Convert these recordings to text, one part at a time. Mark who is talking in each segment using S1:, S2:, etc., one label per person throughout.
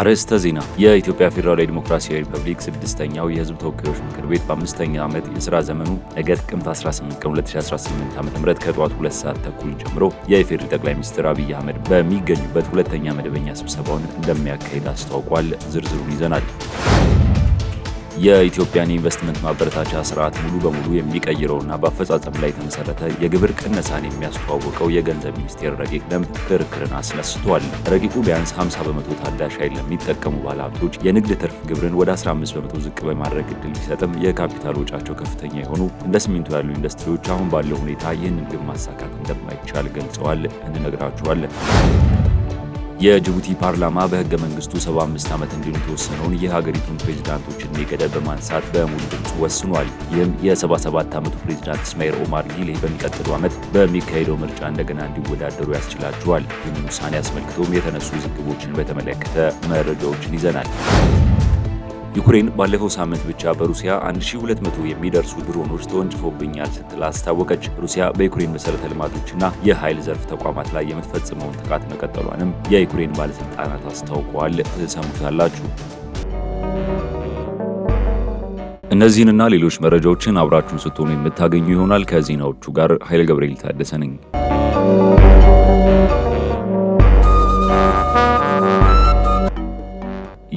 S1: አርዕስተ ዜና። የኢትዮጵያ ፌዴራላዊ ዲሞክራሲያዊ ሪፐብሊክ ስድስተኛው የህዝብ ተወካዮች ምክር ቤት በአምስተኛ ዓመት የሥራ ዘመኑ ነገ ጥቅምት 18 ቀን 2018 ዓ.ም ከጠዋት ሁለት ሰዓት ተኩል ጀምሮ የኢፌዴሪ ጠቅላይ ሚኒስትር አብይ አህመድ በሚገኙበት ሁለተኛ መደበኛ ስብሰባውን እንደሚያካሂድ አስታውቋል። ዝርዝሩን ይዘናል። የኢትዮጵያን የኢንቨስትመንት ማበረታቻ ስርዓት ሙሉ በሙሉ የሚቀይረውና በአፈጻጸም ላይ የተመሰረተ የግብር ቅነሳን የሚያስተዋውቀው የገንዘብ ሚኒስቴር ረቂቅ ደንብ ክርክርን አስነስቷል። ረቂቁ ቢያንስ 50 በመቶ ታዳሽ ኃይል ለሚጠቀሙ ባለሀብቶች የንግድ ትርፍ ግብርን ወደ 15 በመቶ ዝቅ በማድረግ እድል ቢሰጥም የካፒታል ወጫቸው ከፍተኛ የሆኑ እንደ ሲሚንቶ ያሉ ኢንዱስትሪዎች አሁን ባለው ሁኔታ ይህንን ግብ ማሳካት እንደማይቻል ገልጸዋል። እንነግራችኋለን። የጅቡቲ ፓርላማ በህገ መንግስቱ 75 ዓመት እንዲሆን የተወሰነውን የሀገሪቱን ፕሬዚዳንቶች ዕድሜ ገደብ በማንሳት በሙሉ ድምፅ ወስኗል። ይህም የ77 ዓመቱ ፕሬዚዳንት እስማኤል ኦማር ሊሌ በሚቀጥለው ዓመት በሚካሄደው ምርጫ እንደገና እንዲወዳደሩ ያስችላቸዋል። ይህን ውሳኔ አስመልክቶም የተነሱ ዝግቦችን በተመለከተ መረጃዎችን ይዘናል። ዩክሬን ባለፈው ሳምንት ብቻ በሩሲያ 1200 የሚደርሱ ድሮኖች ተወንጭፎብኛል ስትል አስታወቀች። ሩሲያ በዩክሬን መሠረተ ልማቶችና የኃይል ዘርፍ ተቋማት ላይ የምትፈጽመውን ጥቃት መቀጠሏንም የዩክሬን ባለሥልጣናት አስታውቀዋል። ትሰሙታላችሁ። እነዚህንና ሌሎች መረጃዎችን አብራችሁን ስትሆኑ የምታገኙ ይሆናል። ከዜናዎቹ ጋር ኃይለ ገብርኤል ታደሰ ነኝ።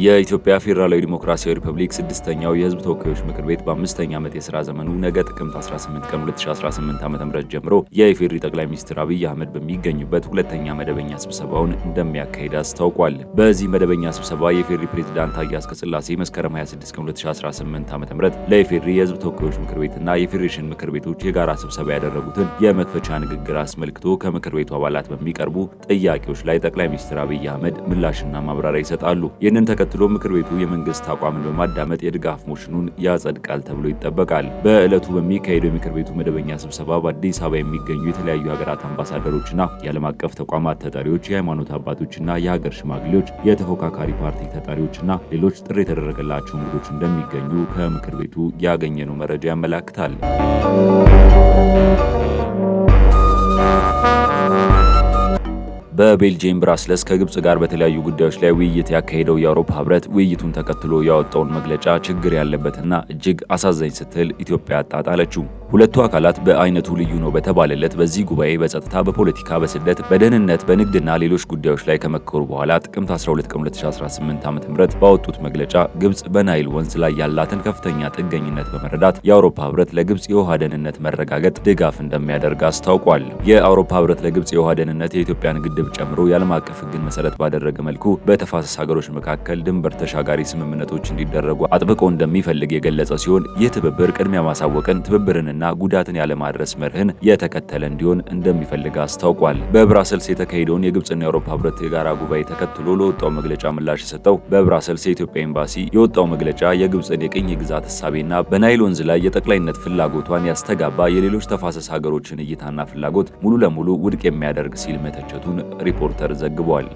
S1: የኢትዮጵያ ፌዴራላዊ ዲሞክራሲያዊ ሪፐብሊክ ስድስተኛው የህዝብ ተወካዮች ምክር ቤት በአምስተኛ ዓመት የሥራ ዘመኑ ነገ ጥቅምት 18 ቀን 2018 ዓ ም ጀምሮ የኢፌዴሪ ጠቅላይ ሚኒስትር አብይ አህመድ በሚገኙበት ሁለተኛ መደበኛ ስብሰባውን እንደሚያካሂድ አስታውቋል። በዚህ መደበኛ ስብሰባ የኢፌዴሪ ፕሬዝዳንት ታዬ አጽቀሥላሴ መስከረም 26 ቀን 2018 ዓ ም ለኢፌዴሪ የህዝብ ተወካዮች ምክር ቤትና የፌዴሬሽን ምክር ቤቶች የጋራ ስብሰባ ያደረጉትን የመክፈቻ ንግግር አስመልክቶ ከምክር ቤቱ አባላት በሚቀርቡ ጥያቄዎች ላይ ጠቅላይ ሚኒስትር አብይ አህመድ ምላሽና ማብራሪያ ይሰጣሉ። ይህንን ተከትሎ ምክር ቤቱ የመንግስት አቋምን በማዳመጥ የድጋፍ ሞሽኑን ያጸድቃል ተብሎ ይጠበቃል። በዕለቱ በሚካሄደው የምክር ቤቱ መደበኛ ስብሰባ በአዲስ አበባ የሚገኙ የተለያዩ ሀገራት አምባሳደሮችና የዓለም አቀፍ ተቋማት ተጠሪዎች፣ የሃይማኖት አባቶችና የሀገር ሽማግሌዎች፣ የተፎካካሪ ፓርቲ ተጠሪዎችና ሌሎች ጥሪ የተደረገላቸው እንግዶች እንደሚገኙ ከምክር ቤቱ ያገኘነው መረጃ ያመላክታል። በቤልጅየም ብራስለስ ከግብጽ ጋር በተለያዩ ጉዳዮች ላይ ውይይት ያካሄደው የአውሮፓ ህብረት ውይይቱን ተከትሎ ያወጣውን መግለጫ ችግር ያለበትና እጅግ አሳዛኝ ስትል ኢትዮጵያ አጣጣለችው። ሁለቱ አካላት በአይነቱ ልዩ ነው በተባለለት በዚህ ጉባኤ በጸጥታ፣ በፖለቲካ፣ በስደት፣ በደህንነት፣ በንግድና ሌሎች ጉዳዮች ላይ ከመከሩ በኋላ ጥቅምት 12 ቀን 2018 ዓ.ም ባወጡት መግለጫ ግብጽ በናይል ወንዝ ላይ ያላትን ከፍተኛ ጥገኝነት በመረዳት የአውሮፓ ህብረት ለግብጽ የውሃ ደህንነት መረጋገጥ ድጋፍ እንደሚያደርግ አስታውቋል። የአውሮፓ ህብረት ለግብጽ የውሃ ደህንነት የኢትዮጵያን ግድብ ጨምሮ የዓለም አቀፍ ሕግን መሰረት ባደረገ መልኩ በተፋሰስ ሀገሮች መካከል ድንበር ተሻጋሪ ስምምነቶች እንዲደረጉ አጥብቆ እንደሚፈልግ የገለጸ ሲሆን ይህ ትብብር ቅድሚያ ማሳወቅን፣ ትብብርንና ጉዳትን ያለማድረስ መርህን የተከተለ እንዲሆን እንደሚፈልግ አስታውቋል። በብራሰልስ የተካሄደውን የግብፅና የአውሮፓ ህብረት የጋራ ጉባኤ ተከትሎ ለወጣው መግለጫ ምላሽ የሰጠው በብራሰልስ የኢትዮጵያ ኤምባሲ የወጣው መግለጫ የግብፅን የቅኝ ግዛት እሳቤና በናይል ወንዝ ላይ የጠቅላይነት ፍላጎቷን ያስተጋባ የሌሎች ተፋሰስ ሀገሮችን እይታና ፍላጎት ሙሉ ለሙሉ ውድቅ የሚያደርግ ሲል መተቸቱን ሪፖርተር ዘግቧል።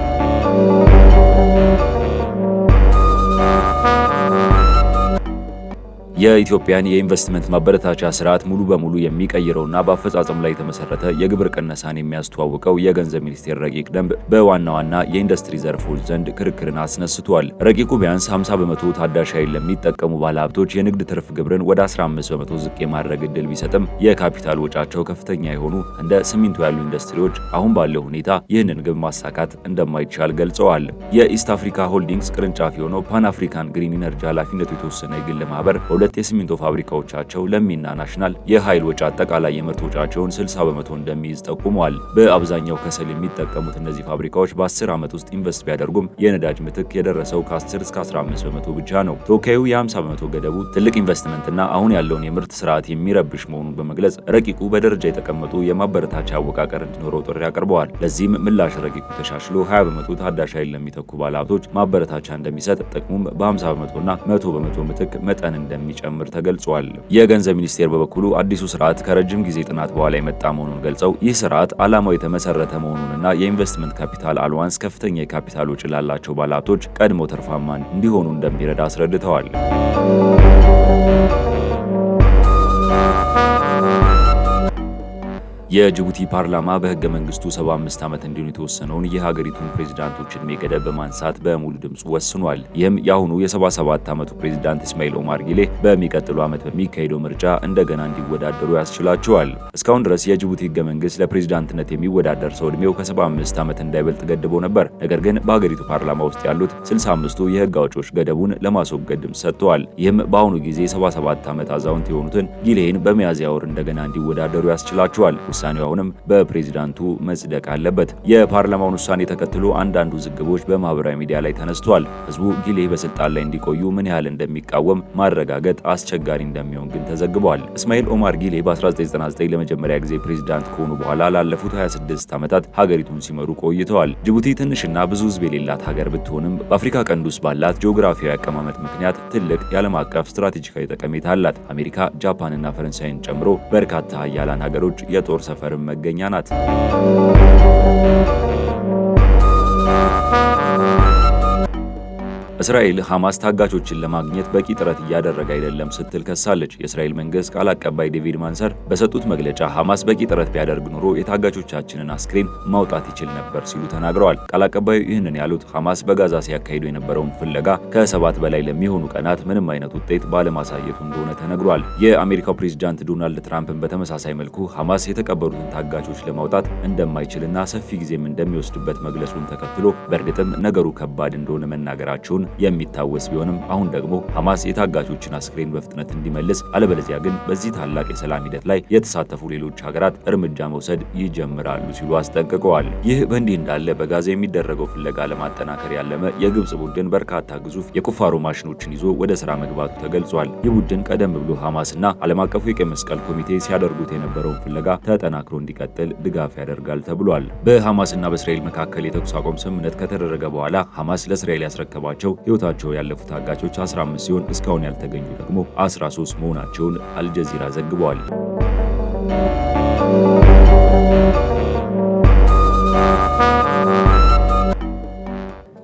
S1: የኢትዮጵያን የኢንቨስትመንት ማበረታቻ ስርዓት ሙሉ በሙሉ የሚቀይረውና በአፈጻጸም ላይ የተመሰረተ የግብር ቅነሳን የሚያስተዋውቀው የገንዘብ ሚኒስቴር ረቂቅ ደንብ በዋና ዋና የኢንዱስትሪ ዘርፎች ዘንድ ክርክርን አስነስቷል። ረቂቁ ቢያንስ 50 በመቶ ታዳሽ ኃይል ለሚጠቀሙ ባለሀብቶች የንግድ ትርፍ ግብርን ወደ 15 በመቶ ዝቅ የማድረግ እድል ቢሰጥም የካፒታል ወጫቸው ከፍተኛ የሆኑ እንደ ሲሚንቶ ያሉ ኢንዱስትሪዎች አሁን ባለው ሁኔታ ይህንን ግብ ማሳካት እንደማይቻል ገልጸዋል። የኢስት አፍሪካ ሆልዲንግስ ቅርንጫፍ የሆነው ፓን አፍሪካን ግሪን ኢነርጂ ኃላፊነቱ የተወሰነ የግል ማህበር ሁለት የሲሚንቶ ፋብሪካዎቻቸው ለሚና ናሽናል የኃይል ወጪ አጠቃላይ የምርት ወጪያቸውን 60 በመቶ እንደሚይዝ ጠቁመዋል። በአብዛኛው ከሰል የሚጠቀሙት እነዚህ ፋብሪካዎች በ10 ዓመት ውስጥ ኢንቨስት ቢያደርጉም የነዳጅ ምትክ የደረሰው ከ10 እስከ 15 በመቶ ብቻ ነው። ተወካዩ የ50 በመቶ ገደቡ ትልቅ ኢንቨስትመንትና አሁን ያለውን የምርት ስርዓት የሚረብሽ መሆኑን በመግለጽ ረቂቁ በደረጃ የተቀመጡ የማበረታቻ አወቃቀር እንዲኖረው ጥሪ አቅርበዋል። ለዚህም ምላሽ ረቂቁ ተሻሽሎ 20 በመቶ ታዳሽ ኃይል ለሚተኩ ባለሀብቶች ማበረታቻ እንደሚሰጥ ጥቅሙም በ50 በመቶና 100 በመቶ ምትክ መጠን እንደሚጨ እንደሚጨምር ተገልጿል። የገንዘብ ሚኒስቴር በበኩሉ አዲሱ ስርዓት ከረጅም ጊዜ ጥናት በኋላ የመጣ መሆኑን ገልጸው ይህ ስርዓት ዓላማው የተመሰረተ መሆኑንና የኢንቨስትመንት ካፒታል አልዋንስ ከፍተኛ የካፒታል ውጭ ላላቸው ባለሀብቶች ቀድሞ ትርፋማን እንዲሆኑ እንደሚረዳ አስረድተዋል። የጅቡቲ ፓርላማ በህገ መንግስቱ 75 ዓመት እንዲሆን የተወሰነውን የሀገሪቱን ፕሬዚዳንቶች እድሜ ገደብ በማንሳት በሙሉ ድምፅ ወስኗል። ይህም የአሁኑ የ77 ዓመቱ ፕሬዚዳንት እስማኤል ኦማር ጊሌ በሚቀጥሉ ዓመት በሚካሄደው ምርጫ እንደገና እንዲወዳደሩ ያስችላቸዋል። እስካሁን ድረስ የጅቡቲ ህገ መንግስት ለፕሬዚዳንትነት የሚወዳደር ሰው እድሜው ከ75 ዓመት እንዳይበልጥ ተገድቦ ነበር። ነገር ግን በሀገሪቱ ፓርላማ ውስጥ ያሉት 65ቱ የህግ አውጪዎች ገደቡን ለማስወገድ ድምፅ ሰጥተዋል። ይህም በአሁኑ ጊዜ 77 ዓመት አዛውንት የሆኑትን ጊሌን በሚያዝያ ወር እንደገና እንዲወዳደሩ ያስችላቸዋል። ውሳኔው አሁንም በፕሬዚዳንቱ መጽደቅ አለበት። የፓርላማውን ውሳኔ ተከትሎ አንዳንድ ውዝግቦች በማህበራዊ ሚዲያ ላይ ተነስተዋል። ህዝቡ ጊሌ በስልጣን ላይ እንዲቆዩ ምን ያህል እንደሚቃወም ማረጋገጥ አስቸጋሪ እንደሚሆን ግን ተዘግቧል። እስማኤል ኦማር ጊሌ በ1999 ለመጀመሪያ ጊዜ ፕሬዚዳንት ከሆኑ በኋላ ላለፉት 26 ዓመታት ሀገሪቱን ሲመሩ ቆይተዋል። ጅቡቲ ትንሽና ብዙ ህዝብ የሌላት ሀገር ብትሆንም በአፍሪካ ቀንድ ውስጥ ባላት ጂኦግራፊያዊ አቀማመጥ ምክንያት ትልቅ የዓለም አቀፍ ስትራቴጂካዊ ጠቀሜታ አላት። አሜሪካ፣ ጃፓንና ፈረንሳይን ጨምሮ በርካታ ሀያላን ሀገሮች የጦር ሰፈርም መገኛ ናት። እስራኤል ሐማስ ታጋቾችን ለማግኘት በቂ ጥረት እያደረገ አይደለም ስትል ከሳለች። የእስራኤል መንግስት ቃል አቀባይ ዴቪድ ማንሰር በሰጡት መግለጫ ሐማስ በቂ ጥረት ቢያደርግ ኑሮ የታጋቾቻችንን አስክሬን ማውጣት ይችል ነበር ሲሉ ተናግረዋል። ቃል አቀባዩ ይህንን ያሉት ሐማስ በጋዛ ሲያካሂዱ የነበረውን ፍለጋ ከሰባት በላይ ለሚሆኑ ቀናት ምንም አይነት ውጤት ባለማሳየቱ እንደሆነ ተነግሯል። የአሜሪካው ፕሬዚዳንት ዶናልድ ትራምፕን በተመሳሳይ መልኩ ሐማስ የተቀበሩትን ታጋቾች ለማውጣት እንደማይችልና ሰፊ ጊዜም እንደሚወስድበት መግለጹን ተከትሎ በእርግጥም ነገሩ ከባድ እንደሆነ መናገራቸውን የሚታወስ ቢሆንም አሁን ደግሞ ሐማስ የታጋቾችን አስክሬን በፍጥነት እንዲመልስ አለበለዚያ ግን በዚህ ታላቅ የሰላም ሂደት ላይ የተሳተፉ ሌሎች ሀገራት እርምጃ መውሰድ ይጀምራሉ ሲሉ አስጠንቅቀዋል። ይህ በእንዲህ እንዳለ በጋዛ የሚደረገው ፍለጋ ለማጠናከር ያለመ የግብጽ ቡድን በርካታ ግዙፍ የቁፋሮ ማሽኖችን ይዞ ወደ ስራ መግባቱ ተገልጿል። ይህ ቡድን ቀደም ብሎ ሐማስና ዓለም አቀፉ የቀይ መስቀል ኮሚቴ ሲያደርጉት የነበረውን ፍለጋ ተጠናክሮ እንዲቀጥል ድጋፍ ያደርጋል ተብሏል። በሐማስና በእስራኤል መካከል የተኩስ አቁም ስምምነት ከተደረገ በኋላ ሐማስ ለእስራኤል ያስረከባቸው ሕይወታቸው ያለፉ ታጋቾች 15 ሲሆን እስካሁን ያልተገኙ ደግሞ 13 መሆናቸውን አልጀዚራ ዘግበዋል።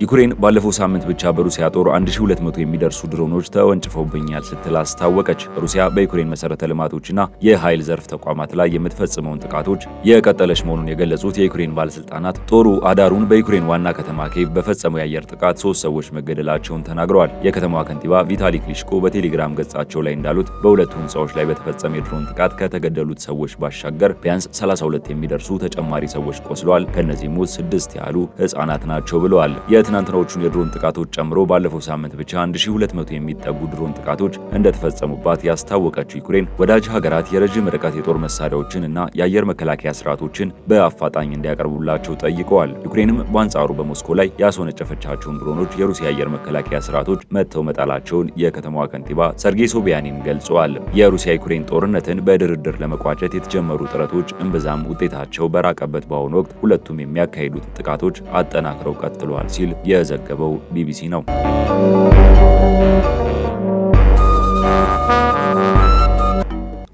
S1: ዩክሬን ባለፈው ሳምንት ብቻ በሩሲያ ጦር 1200 የሚደርሱ ድሮኖች ተወንጭፈውብኛል ስትል አስታወቀች። ሩሲያ በዩክሬን መሰረተ ልማቶችና የኃይል ዘርፍ ተቋማት ላይ የምትፈጽመውን ጥቃቶች የቀጠለች መሆኑን የገለጹት የዩክሬን ባለስልጣናት ጦሩ አዳሩን በዩክሬን ዋና ከተማ ኬቭ በፈጸመው የአየር ጥቃት ሶስት ሰዎች መገደላቸውን ተናግረዋል። የከተማዋ ከንቲባ ቪታሊ ክሊሽኮ በቴሌግራም ገጻቸው ላይ እንዳሉት በሁለቱ ህንፃዎች ላይ በተፈጸመ የድሮን ጥቃት ከተገደሉት ሰዎች ባሻገር ቢያንስ 32 የሚደርሱ ተጨማሪ ሰዎች ቆስለዋል። ከእነዚህም ውስጥ ስድስት ያህሉ ህጻናት ናቸው ብለዋል። የትናንትናዎቹን የድሮን ጥቃቶች ጨምሮ ባለፈው ሳምንት ብቻ 1200 የሚጠጉ ድሮን ጥቃቶች እንደተፈጸሙባት ያስታወቀችው ዩክሬን ወዳጅ ሀገራት የረዥም ርቀት የጦር መሳሪያዎችን እና የአየር መከላከያ ስርዓቶችን በአፋጣኝ እንዲያቀርቡላቸው ጠይቀዋል። ዩክሬንም በአንጻሩ በሞስኮ ላይ ያስወነጨፈቻቸውን ድሮኖች የሩሲያ አየር መከላከያ ስርዓቶች መጥተው መጣላቸውን የከተማዋ ከንቲባ ሰርጌይ ሶቢያኒን ገልጸዋል። የሩሲያ ዩክሬን ጦርነትን በድርድር ለመቋጨት የተጀመሩ ጥረቶች እምብዛም ውጤታቸው በራቀበት በአሁኑ ወቅት ሁለቱም የሚያካሂዱት ጥቃቶች አጠናክረው ቀጥለዋል ሲል የዘገበው ቢቢሲ ነው።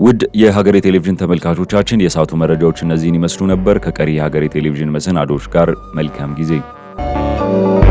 S1: ውድ የሀገሬ ቴሌቪዥን ተመልካቾቻችን የሰዓቱ መረጃዎች እነዚህን ይመስሉ ነበር። ከቀሪ የሀገሬ ቴሌቪዥን መሰናዶዎች ጋር መልካም ጊዜ